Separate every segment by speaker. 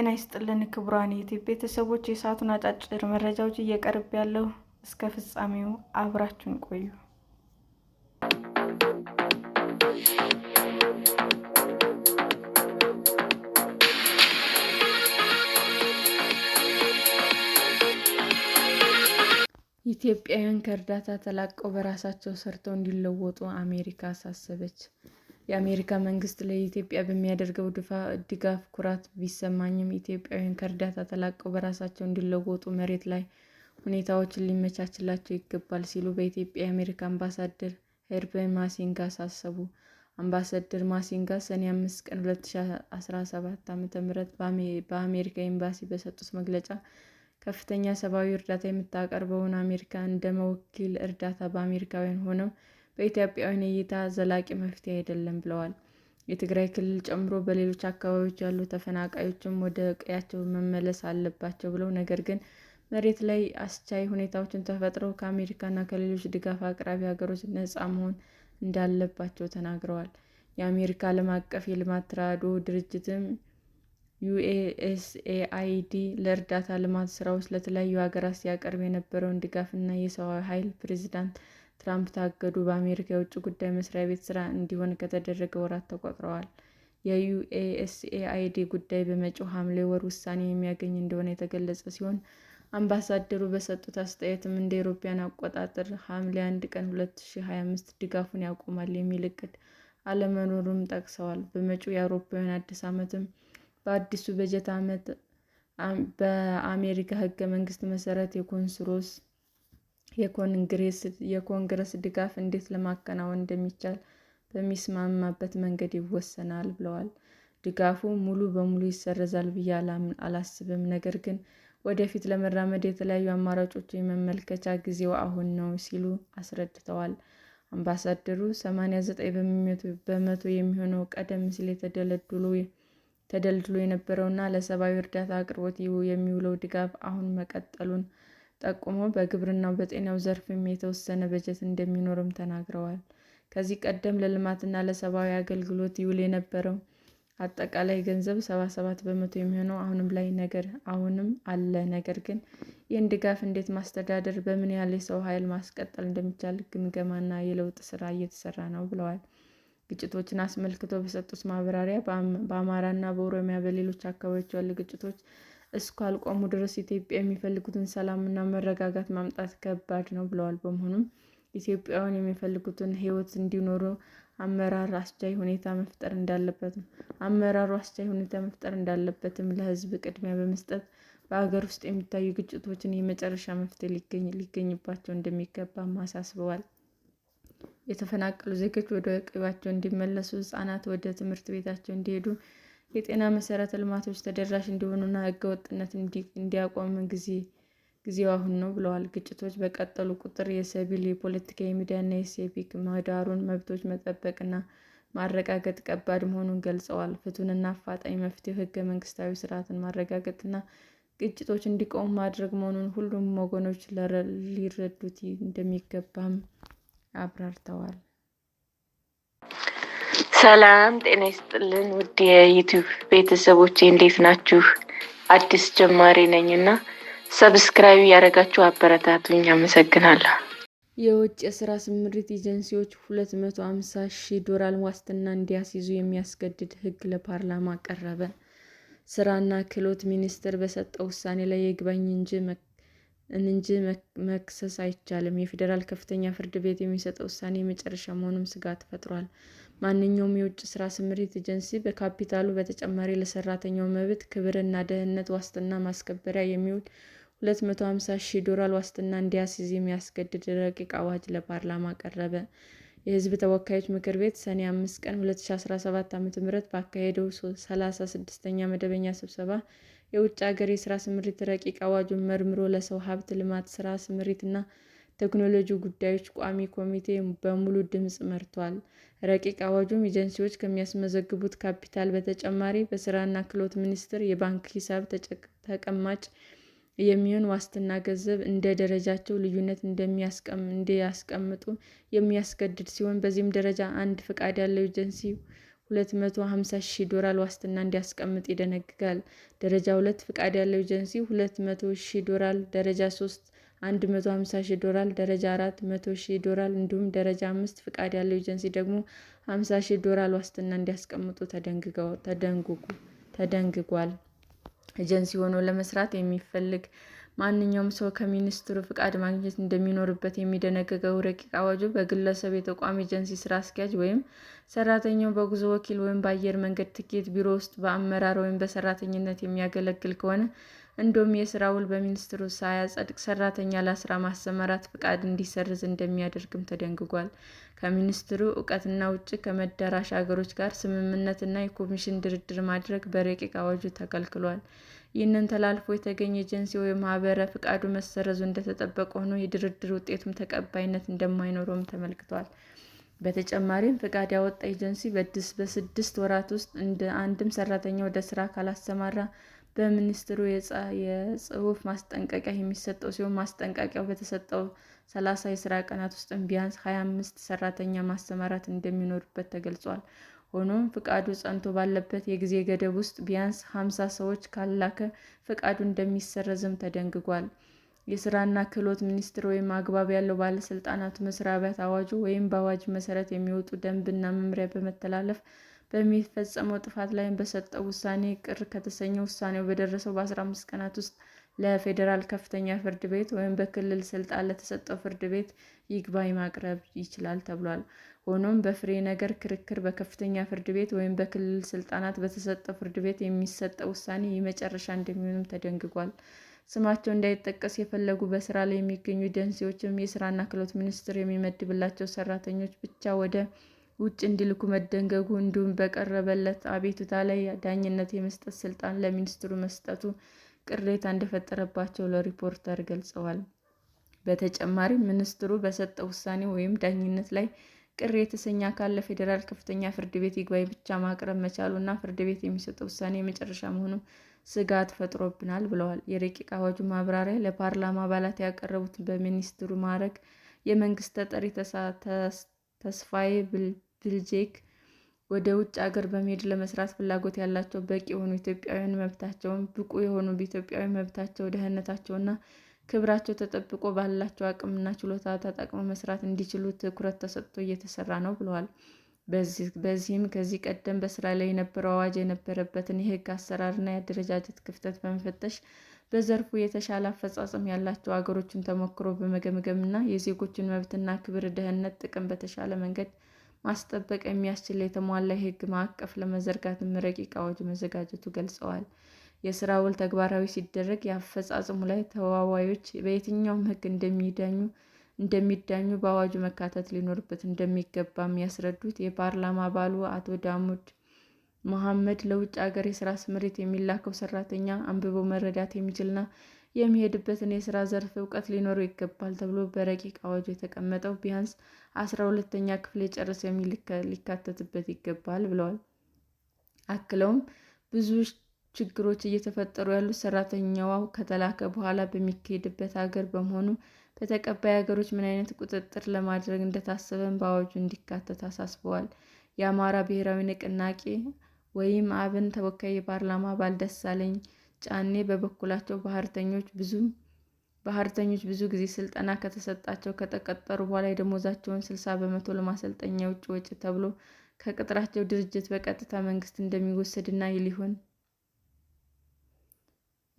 Speaker 1: ጤና ይስጥልን ክቡራን ዩቲዩብ ቤተሰቦች፣ የሰዓቱን አጫጭር መረጃዎች እየቀርብ ያለው እስከ ፍጻሜው አብራችሁን ቆዩ። ኢትዮጵያውያን ከእርዳታ ተላቀው በራሳቸው ሰርተው እንዲለወጡ አሜሪካ አሳሰበች። የአሜሪካ መንግስት ለኢትዮጵያ በሚያደርገው ድጋፍ ኩራት ቢሰማኝም፣ ኢትዮጵያውያን ከእርዳታ ተላቀው በራሳቸው እንዲለወጡ መሬት ላይ ሁኔታዎችን ሊመቻችላቸው ይገባል ሲሉ በኢትዮጵያ የአሜሪካ አምባሳደር ሄርበ ማሲንጋ አሳሰቡ። አምባሳደር ማሲንጋ ሰኔ አምስት ቀን 2017 ዓ.ም በአሜሪካ ኤምባሲ በሰጡት መግለጫ ከፍተኛ ሰብአዊ እርዳታ የምታቀርበውን አሜሪካ እንደ መወኪል እርዳታ በአሜሪካውያን ሆነው በኢትዮጵያውያን እይታ ዘላቂ መፍትሄ አይደለም ብለዋል። የትግራይ ክልል ጨምሮ በሌሎች አካባቢዎች ያሉ ተፈናቃዮችም ወደ ቀያቸው መመለስ አለባቸው ብለው ነገር ግን መሬት ላይ አስቻይ ሁኔታዎችን ተፈጥረው ከአሜሪካና ከሌሎች ድጋፍ አቅራቢ ሀገሮች ነፃ መሆን እንዳለባቸው ተናግረዋል። የአሜሪካ ዓለም አቀፍ የልማት ተራድኦ ድርጅትም ዩኤስኤአይዲ ለእርዳታ ልማት ስራዎች ለተለያዩ ሀገራት ሲያቀርብ የነበረውን ድጋፍና የሰብአዊ ኃይል ፕሬዚዳንት ትራምፕ ታገዱ። በአሜሪካ የውጭ ጉዳይ መስሪያ ቤት ስራ እንዲሆን ከተደረገ ወራት ተቆጥረዋል። የዩኤስኤአይዲ ጉዳይ በመጪው ሐምሌ ወር ውሳኔ የሚያገኝ እንደሆነ የተገለጸ ሲሆን አምባሳደሩ በሰጡት አስተያየትም እንደ አውሮፓውያን አቆጣጠር ሐምሌ 1 ቀን 2025 ድጋፉን ያቆማል የሚል እቅድ አለመኖሩም ጠቅሰዋል። በመጪው የአውሮፓውያን አዲስ ዓመትም በአዲሱ በጀት ዓመት በአሜሪካ ህገ መንግስት መሰረት የኮንግረስ የኮንግረስ ድጋፍ እንዴት ለማከናወን እንደሚቻል በሚስማማበት መንገድ ይወሰናል ብለዋል። ድጋፉ ሙሉ በሙሉ ይሰረዛል ብዬ አላስብም፣ ነገር ግን ወደፊት ለመራመድ የተለያዩ አማራጮች የመመልከቻ ጊዜው አሁን ነው ሲሉ አስረድተዋል። አምባሳደሩ 89 በመቶ የሚሆነው ቀደም ሲል ተደልድሎ የነበረውና ለሰብአዊ እርዳታ አቅርቦት የሚውለው ድጋፍ አሁን መቀጠሉን ጠቁሞ በግብርናው በጤናው ዘርፍም የተወሰነ በጀት እንደሚኖርም ተናግረዋል። ከዚህ ቀደም ለልማትና ለሰብዊ አገልግሎት ይውል የነበረው አጠቃላይ ገንዘብ ሰባ ሰባት በመቶ የሚሆነው አሁንም አለ። ነገር ግን ይህን ድጋፍ እንዴት ማስተዳደር፣ በምን ያህል የሰው ኃይል ማስቀጠል እንደሚቻል ግምገማና የለውጥ ስራ እየተሰራ ነው ብለዋል። ግጭቶችን አስመልክቶ በሰጡት ማብራሪያ በአማራና በኦሮሚያ በሌሎች አካባቢዎች ያሉ ግጭቶች እስካልቆሙ ድረስ ኢትዮጵያ የሚፈልጉትን ሰላምና መረጋጋት ማምጣት ከባድ ነው ብለዋል። በመሆኑም ኢትዮጵያውያን የሚፈልጉትን ህይወት እንዲኖሩ አመራር አስቻይ ሁኔታ መፍጠር እንዳለበትም አመራሩ አስቻይ ሁኔታ መፍጠር እንዳለበትም ለህዝብ ቅድሚያ በመስጠት በሀገር ውስጥ የሚታዩ ግጭቶችን የመጨረሻ ሊገኝ ሊገኝባቸው እንደሚገባ አሳስበዋል። የተፈናቀሉ ዜጎች ወደ ቀያቸው እንዲመለሱ፣ ህጻናት ወደ ትምህርት ቤታቸው እንዲሄዱ የጤና መሰረተ ልማቶች ተደራሽ እንዲሆኑና ወጥነት እንዲያቆም ጊዜው አሁን ነው ብለዋል። ግጭቶች በቀጠሉ ቁጥር የሲቪል፣ የፖለቲካ፣ የሚዲያና የሲቪክ ምህዳሩን መብቶች መጠበቅና ማረጋገጥ ከባድ መሆኑን ገልጸዋል። ፍቱንና አፋጣኝ መፍትሄ ህገ መንግስታዊ ስርዓትን ማረጋገጥና ግጭቶች እንዲቆሙ ማድረግ መሆኑን ሁሉም ወገኖች ሊረዱት እንደሚገባም አብራርተዋል።
Speaker 2: ሰላም ጤና ይስጥልን ውድ የዩቲዩብ ቤተሰቦች እንዴት ናችሁ? አዲስ ጀማሪ ነኝ እና ሰብስክራይብ ያደረጋችሁ አበረታቱኝ። አመሰግናለሁ።
Speaker 1: የውጭ የስራ ስምሪት ኤጀንሲዎች ሁለት መቶ ሃምሳ ሺህ ዶላር ዋስትና እንዲያስይዙ የሚያስገድድ ሕግ ለፓርላማ ቀረበ። ሥራና ክህሎት ሚኒስቴር በሰጠው ውሳኔ ላይ ይግባኝ እንጂ መክሰስ አይቻልም። የፌዴራል ከፍተኛ ፍርድ ቤት የሚሰጠው ውሳኔ የመጨረሻ መሆኑም ስጋት ፈጥሯል። ማንኛውም የውጭ ስራ ስምሪት ኤጀንሲ በካፒታሉ በተጨማሪ ለሰራተኛው መብት፣ ክብርና ደህንነት ዋስትና ማስከበሪያ የሚውል 250 ሺህ ዶላር ዋስትና እንዲያስይዝ የሚያስገድድ ረቂቅ አዋጅ ለፓርላማ ቀረበ። የህዝብ ተወካዮች ምክር ቤት ሰኔ 5 ቀን 2017 ዓ.ም ባካሄደው 36ኛ መደበኛ ስብሰባ የውጭ ሀገር የስራ ስምሪት ረቂቅ አዋጁን መርምሮ ለሰው ሀብት ልማት ሥራ ስምሪትና ቴክኖሎጂ ጉዳዮች ቋሚ ኮሚቴ በሙሉ ድምፅ መርቷል። ረቂቅ አዋጁም ኤጀንሲዎች ከሚያስመዘግቡት ካፒታል በተጨማሪ በሥራና ክህሎት ሚኒስቴር የባንክ ሂሳብ ተቀማጭ የሚሆን ዋስትና ገንዘብ እንደ ደረጃቸው ልዩነት እንዲያስቀምጡ የሚያስገድድ ሲሆን በዚህም ደረጃ አንድ ፈቃድ ያለው ኤጀንሲ 250 መቶ ሺህ ዶላር ዋስትና እንዲያስቀምጥ ይደነግጋል። ደረጃ ሁለት ፈቃድ ያለው ኤጀንሲ 200 መቶ ሺህ ዶላር፣ ደረጃ ሶስት 150 ሺህ ዶላር፣ ደረጃ 4 100 ሺህ ዶላር እንዲሁም ደረጃ 5 ፍቃድ ያለው ኤጀንሲ ደግሞ 50 ሺህ ዶላር ዋስትና እንዲያስቀምጡ ተደንግጓል። ኤጀንሲ ሆኖ ለመስራት የሚፈልግ ማንኛውም ሰው ከሚኒስትሩ ፍቃድ ማግኘት እንደሚኖርበት የሚደነግገው ረቂቅ አዋጁ በግለሰብ የተቋም ኤጀንሲ ስራ አስኪያጅ ወይም ሰራተኛው በጉዞ ወኪል ወይም በአየር መንገድ ትኬት ቢሮ ውስጥ በአመራር ወይም በሰራተኝነት የሚያገለግል ከሆነ እንዲሁም የስራ ውል በሚኒስትሩ ሳያጸድቅ ሰራተኛ ለስራ ማሰማራት ፍቃድ እንዲሰርዝ እንደሚያደርግም ተደንግጓል። ከሚኒስትሩ እውቅና ውጭ ከመዳረሻ አገሮች ጋር ስምምነትና የኮሚሽን ድርድር ማድረግ በረቂቅ አዋጁ ተከልክሏል። ይህንን ተላልፎ የተገኘ ኤጀንሲው ማህበረ ፍቃዱ መሰረዙ እንደተጠበቀ ሆኖ የድርድር ውጤቱም ተቀባይነት እንደማይኖረውም ተመልክቷል። በተጨማሪም ፍቃድ ያወጣ ኤጀንሲ በስድስት ወራት ውስጥ አንድም ሰራተኛ ወደ ስራ ካላሰማራ በሚኒስትሩ የጽሁፍ ማስጠንቀቂያ የሚሰጠው ሲሆን ማስጠንቀቂያው በተሰጠው ሰላሳ የስራ ቀናት ውስጥም ቢያንስ ሀያ አምስት ሰራተኛ ማሰማራት እንደሚኖርበት ተገልጿል። ሆኖም ፍቃዱ ጸንቶ ባለበት የጊዜ ገደብ ውስጥ ቢያንስ ሀምሳ ሰዎች ካላከ ፍቃዱ እንደሚሰረዝም ተደንግጓል። የስራና ክህሎት ሚኒስቴር ወይም አግባብ ያለው ባለስልጣናቱ መስሪያ ቤት አዋጁ ወይም በአዋጅ መሰረት የሚወጡ ደንብና መምሪያ በመተላለፍ በሚፈጸመው ጥፋት ላይ በሰጠው ውሳኔ ቅር ከተሰኘ ውሳኔው በደረሰው በ15 ቀናት ውስጥ ለፌዴራል ከፍተኛ ፍርድ ቤት ወይም በክልል ስልጣን ለተሰጠው ፍርድ ቤት ይግባኝ ማቅረብ ይችላል ተብሏል። ሆኖም በፍሬ ነገር ክርክር በከፍተኛ ፍርድ ቤት ወይም በክልል ስልጣናት በተሰጠው ፍርድ ቤት የሚሰጠው ውሳኔ የመጨረሻ እንደሚሆንም ተደንግጓል። ስማቸው እንዳይጠቀስ የፈለጉ በስራ ላይ የሚገኙ ደንሲዎችም የስራና ክህሎት ሚኒስቴር የሚመድብላቸው ሰራተኞች ብቻ ወደ ውጭ እንዲልኩ መደንገጉ እንዲሁም በቀረበለት አቤቱታ ላይ ዳኝነት የመስጠት ስልጣን ለሚኒስትሩ መስጠቱ ቅሬታ እንደፈጠረባቸው ለሪፖርተር ገልጸዋል። በተጨማሪም ሚኒስትሩ በሰጠው ውሳኔ ወይም ዳኝነት ላይ ቅር የተሰኘ አካል ለፌዴራል ከፍተኛ ፍርድ ቤት ይግባኝ ብቻ ማቅረብ መቻሉ እና ፍርድ ቤት የሚሰጠው ውሳኔ የመጨረሻ መሆኑ ስጋት ፈጥሮብናል ብለዋል። የረቂቅ አዋጁ ማብራሪያ ለፓርላማ አባላት ያቀረቡት በሚኒስትሩ ማዕረግ የመንግስት ተጠሪ ተስፋዬ ድልጄክ ወደ ውጭ አገር በመሄድ ለመስራት ፍላጎት ያላቸው በቂ የሆኑ ኢትዮጵያውያን መብታቸውን፣ ብቁ የሆኑ ኢትዮጵያዊ መብታቸው፣ ደህንነታቸውና ክብራቸው ተጠብቆ ባላቸው አቅምና ችሎታ ተጠቅመው መስራት እንዲችሉ ትኩረት ተሰጥቶ እየተሰራ ነው ብለዋል። በዚህም ከዚህ ቀደም በስራ ላይ የነበረው አዋጅ የነበረበትን የህግ አሰራርና የአደረጃጀት ክፍተት በመፈተሽ በዘርፉ የተሻለ አፈጻጸም ያላቸው አገሮችን ተሞክሮ በመገምገምና የዜጎችን መብትና ክብር፣ ደህንነት፣ ጥቅም በተሻለ መንገድ ማስጠበቅ የሚያስችል የተሟላ የህግ ማዕቀፍ ለመዘርጋትም ረቂቅ አዋጁ መዘጋጀቱ ገልጸዋል። የስራ ውል ተግባራዊ ሲደረግ የአፈጻጽሙ ላይ ተዋዋዮች በየትኛውም ህግ እንደሚዳኙ በአዋጁ መካተት ሊኖርበት እንደሚገባም ያስረዱት የፓርላማ አባሉ አቶ ዳሙድ መሐመድ፣ ለውጭ ሀገር የስራ ስምሪት የሚላከው ሰራተኛ አንብቦ መረዳት የሚችልና የሚሄድበትን የስራ ዘርፍ እውቀት ሊኖረው ይገባል ተብሎ በረቂቅ አዋጁ የተቀመጠው ቢያንስ አስራ ሁለተኛ ክፍል የጨረሰ የሚል ሊካተትበት ይገባል ብለዋል። አክለውም ብዙ ችግሮች እየተፈጠሩ ያሉት ሰራተኛዋ ከተላከ በኋላ በሚካሄድበት ሀገር በመሆኑ በተቀባይ ሀገሮች ምን አይነት ቁጥጥር ለማድረግ እንደታሰበም በአዋጁ እንዲካተት አሳስበዋል። የአማራ ብሔራዊ ንቅናቄ ወይም አብን ተወካይ የፓርላማ አባል ደሳለኝ ጫኔ በበኩላቸው ባህርተኞች ብዙ ጊዜ ስልጠና ከተሰጣቸው ከተቀጠሩ በኋላ የደሞዛቸውን ስልሳ በመቶ ለማሰልጠኛ የውጭ ወጪ ተብሎ ከቅጥራቸው ድርጅት በቀጥታ መንግስት እንደሚወሰድና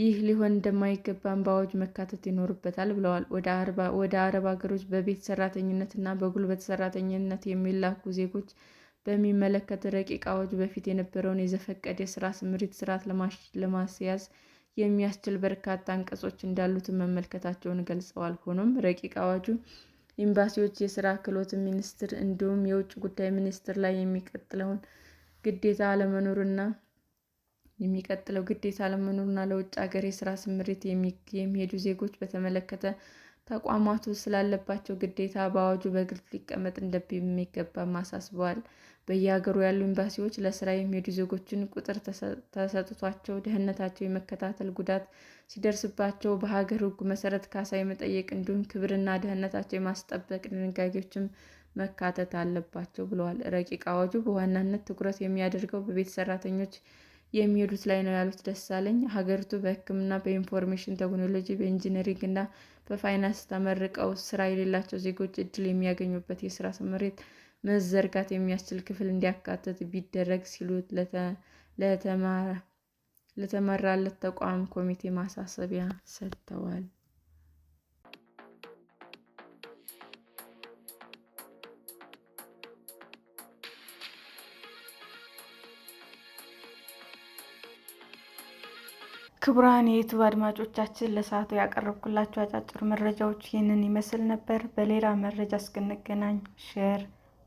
Speaker 1: ይህ ሊሆን እንደማይገባም በአዋጁ መካተት ይኖርበታል ብለዋል። ወደ አረብ ሀገሮች በቤት ሰራተኝነት በጉልበት ሰራተኝነት የሚላኩ ዜጎች በሚመለከት ረቂቅ አዋጅ በፊት የነበረውን የዘፈቀደ የስራ ስምሪት ስርዓት ለማስያዝ የሚያስችል በርካታ አንቀጾች እንዳሉት መመልከታቸውን ገልጸዋል። ሆኖም ረቂቅ አዋጁ ኤምባሲዎች የስራ ክህሎት ሚኒስቴር እንዲሁም የውጭ ጉዳይ ሚኒስቴር ላይ የሚቀጥለውን ግዴታ አለመኖርና የሚቀጥለው ግዴታ አለመኖርና ለውጭ ሀገር የስራ ስምሪት የሚሄዱ ዜጎች በተመለከተ ተቋማቱ ስላለባቸው ግዴታ በአዋጁ በግልጽ ሊቀመጥ እንደሚገባም አሳስበዋል። በየሀገሩ ያሉ ኤምባሲዎች ለስራ የሚሄዱ ዜጎችን ቁጥር ተሰጥቷቸው ደህንነታቸው የመከታተል ጉዳት ሲደርስባቸው በሀገር ሕጉ መሰረት ካሳ የመጠየቅ እንዲሁም ክብርና ደህንነታቸው የማስጠበቅ ድንጋጌዎችም መካተት አለባቸው ብለዋል። ረቂቅ አዋጁ በዋናነት ትኩረት የሚያደርገው በቤት ሰራተኞች የሚሄዱት ላይ ነው ያሉት ደሳለኝ ሀገሪቱ በሕክምና፣ በኢንፎርሜሽን ቴክኖሎጂ፣ በኢንጂነሪንግ እና በፋይናንስ ተመርቀው ስራ የሌላቸው ዜጎች እድል የሚያገኙበት የስራ ስምሪት መዘርጋት የሚያስችል ክፍል እንዲያካትት ቢደረግ ሲሉ ለተመራለት ተቋም ኮሚቴ ማሳሰቢያ ሰጥተዋል። ክቡራን የዩቱብ አድማጮቻችን ለሰዓቱ ያቀረብኩላችሁ አጫጭር መረጃዎች ይህንን ይመስል ነበር። በሌላ መረጃ እስክንገናኝ ሼር